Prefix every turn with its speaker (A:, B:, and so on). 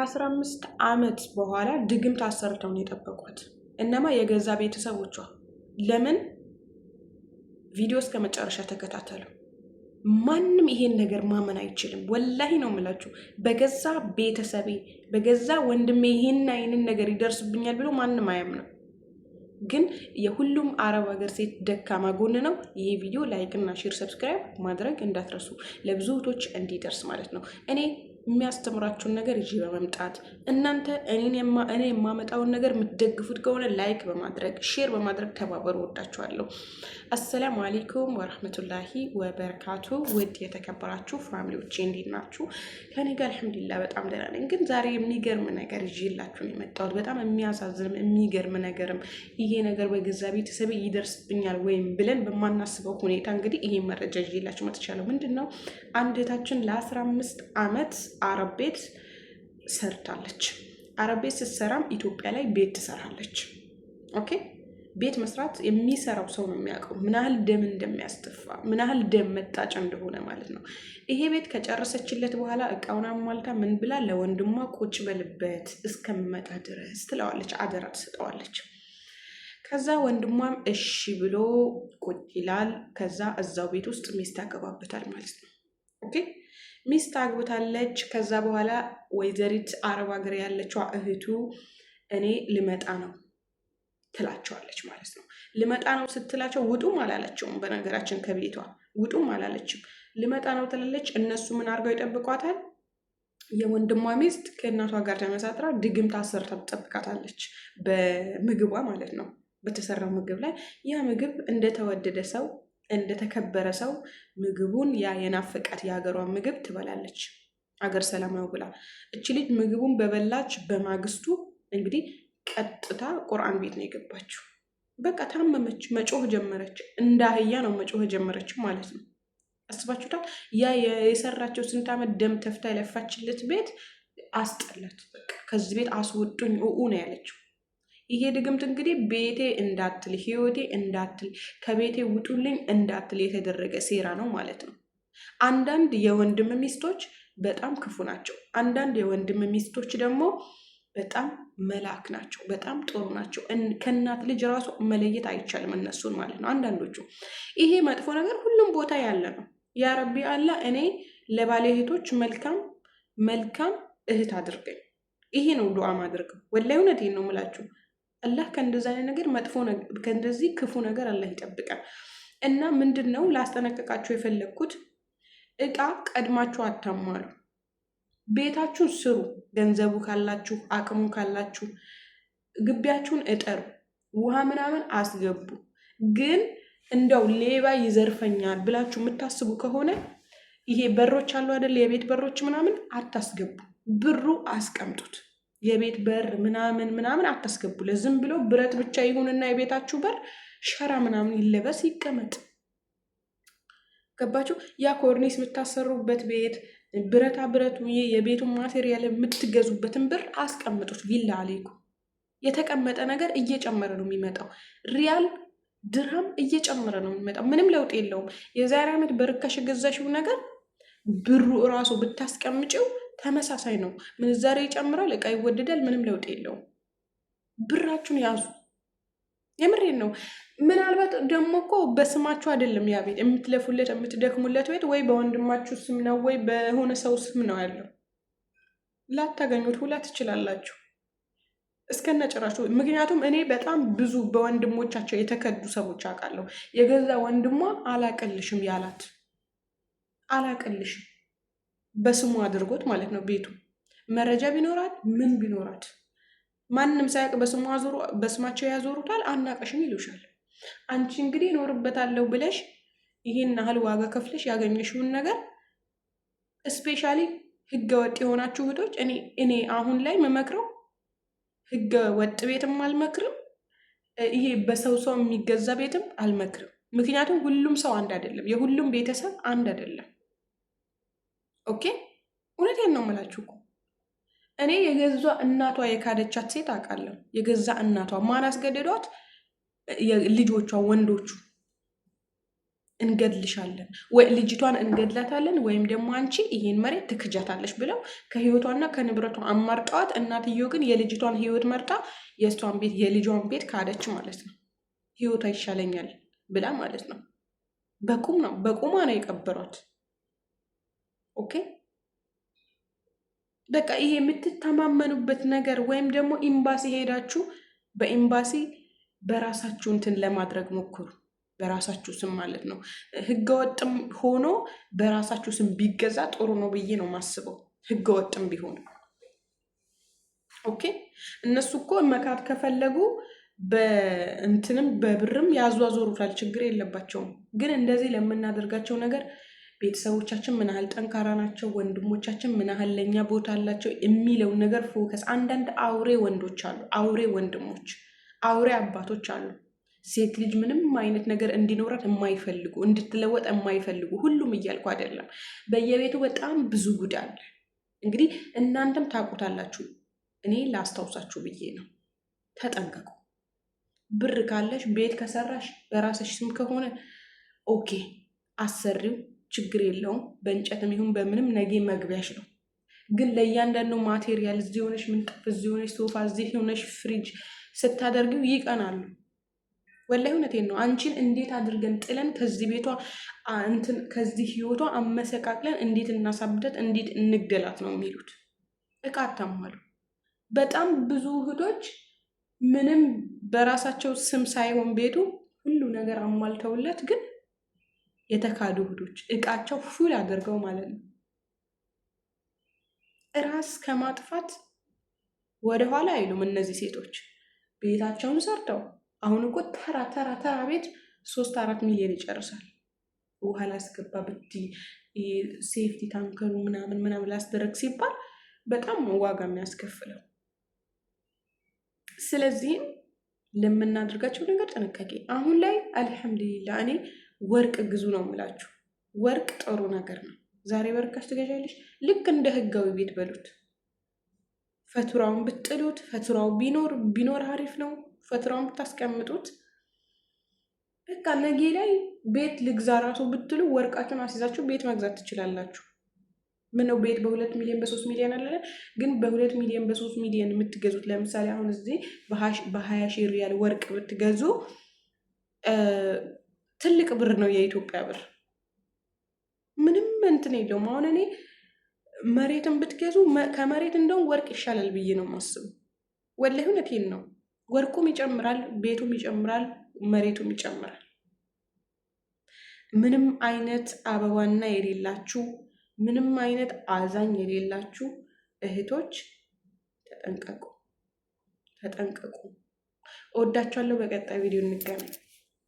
A: ከአስራ አምስት ዓመት በኋላ ድግምት አሰርተው ነው የጠበቋት። እነማ የገዛ ቤተሰቦቿ። ለምን ቪዲዮ እስከ መጨረሻ ተከታተሉ። ማንም ይሄን ነገር ማመን አይችልም። ወላሂ ነው የምላችሁ። በገዛ ቤተሰቤ በገዛ ወንድሜ ይሄን አይንን ነገር ይደርስብኛል ብሎ ማንም አያምነው ግን የሁሉም አረብ ሀገር ሴት ደካማ ጎን ነው ይሄ ቪዲዮ። ላይክ እና ሼር፣ ሰብስክራይብ ማድረግ እንዳትረሱ ለብዙ እህቶች እንዲደርስ ማለት ነው እኔ የሚያስተምራችሁን ነገር ይዤ በመምጣት እናንተ እኔን እኔ የማመጣውን ነገር የምትደግፉት ከሆነ ላይክ በማድረግ ሼር በማድረግ ተባበሩ። ወዳችኋለሁ። አሰላሙ አሌይኩም ወራህመቱላሂ ወበረካቱ። ውድ የተከበራችሁ ፋሚሊዎቼ እንዴት ናችሁ? ከኔ ጋር አልሐምዱሊላ በጣም ደህና ነኝ። ግን ዛሬ የሚገርም ነገር ይዤላችሁ ነው የመጣሁት። በጣም የሚያሳዝንም የሚገርም ነገርም ይሄ ነገር በገዛ ቤተሰብ ይደርስብኛል ወይም ብለን በማናስበው ሁኔታ እንግዲህ ይሄ መረጃ ይዤላችሁ መጥቻለሁ። ምንድን ነው አንድ እህታችን ለአስራ አምስት አመት አረብ ቤት ሰርታለች። አረብ ቤት ስትሰራም ኢትዮጵያ ላይ ቤት ትሰራለች። ኦኬ ቤት መስራት የሚሰራው ሰው ነው የሚያውቀው፣ ምን ያህል ደም እንደሚያስተፋ ምን ያህል ደም መጣጫ እንደሆነ ማለት ነው። ይሄ ቤት ከጨረሰችለት በኋላ እቃውን አሟልታ ምን ብላ ለወንድሟ ቁጭ በልበት እስከምመጣ ድረስ ትለዋለች፣ አደራ ትሰጠዋለች። ከዛ ወንድሟም እሺ ብሎ ቁጭ ይላል። ከዛ እዛው ቤት ውስጥ ሚስት ያገባበታል ማለት ነው። ኦኬ ሚስት አግብታለች። ከዛ በኋላ ወይዘሪት አረብ ሀገር ያለችው እህቱ እኔ ልመጣ ነው ትላቸዋለች ማለት ነው። ልመጣ ነው ስትላቸው ውጡም አላለችውም። በነገራችን ከቤቷ ውጡም አላለችም። ልመጣ ነው ትላለች። እነሱ ምን አድርገው ይጠብቋታል? የወንድሟ ሚስት ከእናቷ ጋር ተመሳጥራ ድግም ታሰርታ ትጠብቃታለች። በምግቧ ማለት ነው፣ በተሰራው ምግብ ላይ ያ ምግብ እንደተወደደ ሰው እንደተከበረ ሰው ምግቡን ያ የናፈቃት የሀገሯን ምግብ ትበላለች። አገር ሰላማዊ ብላ እች ልጅ ምግቡን በበላች በማግስቱ እንግዲህ ቀጥታ ቁርአን ቤት ነው የገባችው። በቃ ታመመች፣ መጮህ ጀመረች። እንደ አህያ ነው መጮህ ጀመረች ማለት ነው። አስባችሁታል? ያ የሰራቸው ስንት ዓመት ደም ተፍታ የለፋችለት ቤት አስጠላት። ከዚህ ቤት አስወጡኝ እዑ ነው ያለችው። ይሄ ድግምት እንግዲህ ቤቴ እንዳትል፣ ህይወቴ እንዳትል፣ ከቤቴ ውጡልኝ እንዳትል የተደረገ ሴራ ነው ማለት ነው። አንዳንድ የወንድም ሚስቶች በጣም ክፉ ናቸው። አንዳንድ የወንድም ሚስቶች ደግሞ በጣም መላክ ናቸው። በጣም ጥሩ ናቸው። ከእናት ልጅ ራሱ መለየት አይቻልም እነሱን ማለት ነው። አንዳንዶቹ ይሄ መጥፎ ነገር ሁሉም ቦታ ያለ ነው። ያረቢ አላ እኔ ለባለ እህቶች መልካም መልካም እህት አድርገኝ። ይሄ ነው ዱዓ ማድረግ። ወላሂ እውነቴን ነው ምላችሁ አላህ ከእንደዚህ አይነት ነገር መጥፎ ከእንደዚህ ክፉ ነገር አላህ ይጠብቃል። እና ምንድን ነው ላስጠነቀቃችሁ የፈለግኩት እቃ ቀድማችሁ አታሟሉ። ቤታችሁ ስሩ፣ ገንዘቡ ካላችሁ፣ አቅሙ ካላችሁ፣ ግቢያችሁን እጠሩ፣ ውሃ ምናምን አስገቡ። ግን እንደው ሌባ ይዘርፈኛል ብላችሁ የምታስቡ ከሆነ ይሄ በሮች አሉ አይደል? የቤት በሮች ምናምን አታስገቡ፣ ብሩ አስቀምጡት። የቤት በር ምናምን ምናምን አታስገቡ። ዝም ብሎ ብረት ብቻ ይሁንና የቤታችሁ በር ሸራ ምናምን ይለበስ ይቀመጥ። ገባችሁ? ያ ኮርኒስ የምታሰሩበት ቤት ብረታ ብረቱ የቤቱን ማቴሪያል የምትገዙበትን ብር አስቀምጡት። ቪላ አሌኩ የተቀመጠ ነገር እየጨመረ ነው የሚመጣው። ሪያል ድርሃም እየጨመረ ነው የሚመጣው። ምንም ለውጥ የለውም። የዛሬ ዓመት በርካሽ ገዛሽው ነገር ብሩ እራሱ ብታስቀምጪው ተመሳሳይ ነው። ምንዛሬ ይጨምራል፣ እቃ ይወደዳል፣ ምንም ለውጥ የለውም። ብራችሁን ያዙ። የምሬን ነው። ምናልባት ደግሞ እኮ በስማችሁ አይደለም ያ ቤት የምትለፉለት የምትደክሙለት ቤት ወይ በወንድማችሁ ስም ነው ወይ በሆነ ሰው ስም ነው ያለው። ላታገኙት ሁላ ትችላላችሁ እስከነ ጭራችሁ። ምክንያቱም እኔ በጣም ብዙ በወንድሞቻቸው የተከዱ ሰዎች አውቃለሁ። የገዛ ወንድሟ አላቅልሽም ያላት አላቅልሽም በስሙ አድርጎት ማለት ነው። ቤቱ መረጃ ቢኖራት ምን ቢኖራት ማንም ሳያውቅ በስማቸው ያዞሩታል። አናቀሽም ይሉሻል። አንቺ እንግዲህ ይኖርበታለሁ ብለሽ ይህን ያህል ዋጋ ከፍለሽ ያገኘሽውን ነገር እስፔሻሊ ህገ ወጥ የሆናችሁ እህቶች፣ እኔ እኔ አሁን ላይ የምመክረው ህገ ወጥ ቤትም አልመክርም፣ ይሄ በሰው ሰው የሚገዛ ቤትም አልመክርም። ምክንያቱም ሁሉም ሰው አንድ አይደለም፣ የሁሉም ቤተሰብ አንድ አይደለም። ኦኬ፣ እውነቴን ነው የምላችሁ እኮ እኔ የገዛ እናቷ የካደቻት ሴት አውቃለሁ። የገዛ እናቷ ማን አስገደዷት? ልጆቿ ወንዶቹ እንገድልሻለን ወይ ልጅቷን እንገድላታለን ወይም ደግሞ አንቺ ይሄን መሬት ትክጃታለሽ ብለው ከህይወቷና ከንብረቷ አማርጠዋት፣ እናትዮ ግን የልጅቷን ህይወት መርጣ የእሷን ቤት የልጇን ቤት ካደች ማለት ነው። ህይወቷ ይሻለኛል ብላ ማለት ነው። በቁም ነው በቁማ ነው የቀበሯት። ኦኬ በቃ ይሄ የምትተማመኑበት ነገር ወይም ደግሞ ኤምባሲ ሄዳችሁ በኤምባሲ በራሳችሁ እንትን ለማድረግ ሞክሩ። በራሳችሁ ስም ማለት ነው። ህገወጥም ሆኖ በራሳችሁ ስም ቢገዛ ጥሩ ነው ብዬ ነው ማስበው ህገወጥም ቢሆን ኦኬ። እነሱ እኮ መካት ከፈለጉ በእንትንም በብርም ያዟዞሩታል፣ ችግር የለባቸውም። ግን እንደዚህ ለምናደርጋቸው ነገር ቤተሰቦቻችን ምን ያህል ጠንካራ ናቸው፣ ወንድሞቻችን ምን ያህል ለእኛ ቦታ አላቸው የሚለውን ነገር ፎከስ። አንዳንድ አውሬ ወንዶች አሉ፣ አውሬ ወንድሞች፣ አውሬ አባቶች አሉ። ሴት ልጅ ምንም አይነት ነገር እንዲኖራት የማይፈልጉ እንድትለወጥ የማይፈልጉ ሁሉም እያልኩ አይደለም። በየቤቱ በጣም ብዙ ጉድ አለ። እንግዲህ እናንተም ታውቁታላችሁ። እኔ ላስታውሳችሁ ብዬ ነው። ተጠንቀቁ። ብር ካለሽ ቤት ከሰራሽ በራስሽ ስም ከሆነ ኦኬ፣ አሰሪው ችግር የለውም። በእንጨትም ይሁን በምንም ነገ መግቢያሽ ነው። ግን ለእያንዳንዱ ማቴሪያል እዚህ ሆነሽ ምንጣፍ፣ እዚህ ሆነሽ ሶፋ፣ እዚህ ሆነሽ ፍሪጅ ስታደርጊው ይቀናሉ። ወላይ እውነቴን ነው። አንቺን እንዴት አድርገን ጥለን ከዚህ ቤቷ እንትን ከዚህ ህይወቷ አመሰቃቅለን እንዴት እናሳብደት እንዴት እንግደላት ነው የሚሉት። እቃ አታሟሉ። በጣም ብዙ እህቶች ምንም በራሳቸው ስም ሳይሆን ቤቱ ሁሉ ነገር አሟልተውለት ግን የተካዱ እሁዶች እቃቸው ፉል አድርገው ማለት ነው። እራስ ከማጥፋት ወደኋላ አይሉም እነዚህ ሴቶች ቤታቸውን ሰርተው። አሁን እኮ ተራ ተራ ተራ ቤት ሶስት አራት ሚሊዮን ይጨርሳል። ውሃ ላስገባ ብቲ ሴፍቲ ታንከሩ ምናምን ምናምን ላስደረግ ሲባል በጣም ዋጋ የሚያስከፍለው። ስለዚህም ለምናደርጋቸው ነገር ጥንቃቄ አሁን ላይ አልሐምዱሊላ እኔ ወርቅ ግዙ ነው የምላችሁ። ወርቅ ጥሩ ነገር ነው። ዛሬ በርካሽ ትገዣለሽ። ልክ እንደ ህጋዊ ቤት በሉት። ፈቱራውን ብትጥሉት ፈቱራው ቢኖር ቢኖር አሪፍ ነው። ፈቱራውን ብታስቀምጡት በቃ ነጌ ላይ ቤት ልግዛ ራሱ ብትሉ ወርቃችሁን አስይዛችሁ ቤት መግዛት ትችላላችሁ። ምነው ቤት በሁለት ሚሊዮን በሶስት ሚሊዮን አለ። ግን በሁለት ሚሊዮን በሶስት ሚሊዮን የምትገዙት ለምሳሌ አሁን እዚህ በሀያ ሺ ሪያል ወርቅ ብትገዙ ትልቅ ብር ነው የኢትዮጵያ ብር። ምንም እንትን የለውም። አሁን እኔ መሬትን ብትገዙ ከመሬት እንደውም ወርቅ ይሻላል ብዬ ነው ማስቡ። ወላሂ እውነቴን ነው። ወርቁም ይጨምራል፣ ቤቱም ይጨምራል፣ መሬቱም ይጨምራል። ምንም አይነት አበባና የሌላችሁ ምንም አይነት አዛኝ የሌላችሁ እህቶች ተጠንቀቁ፣ ተጠንቀቁ። እወዳችኋለሁ። በቀጣይ ቪዲዮ እንገናኝ።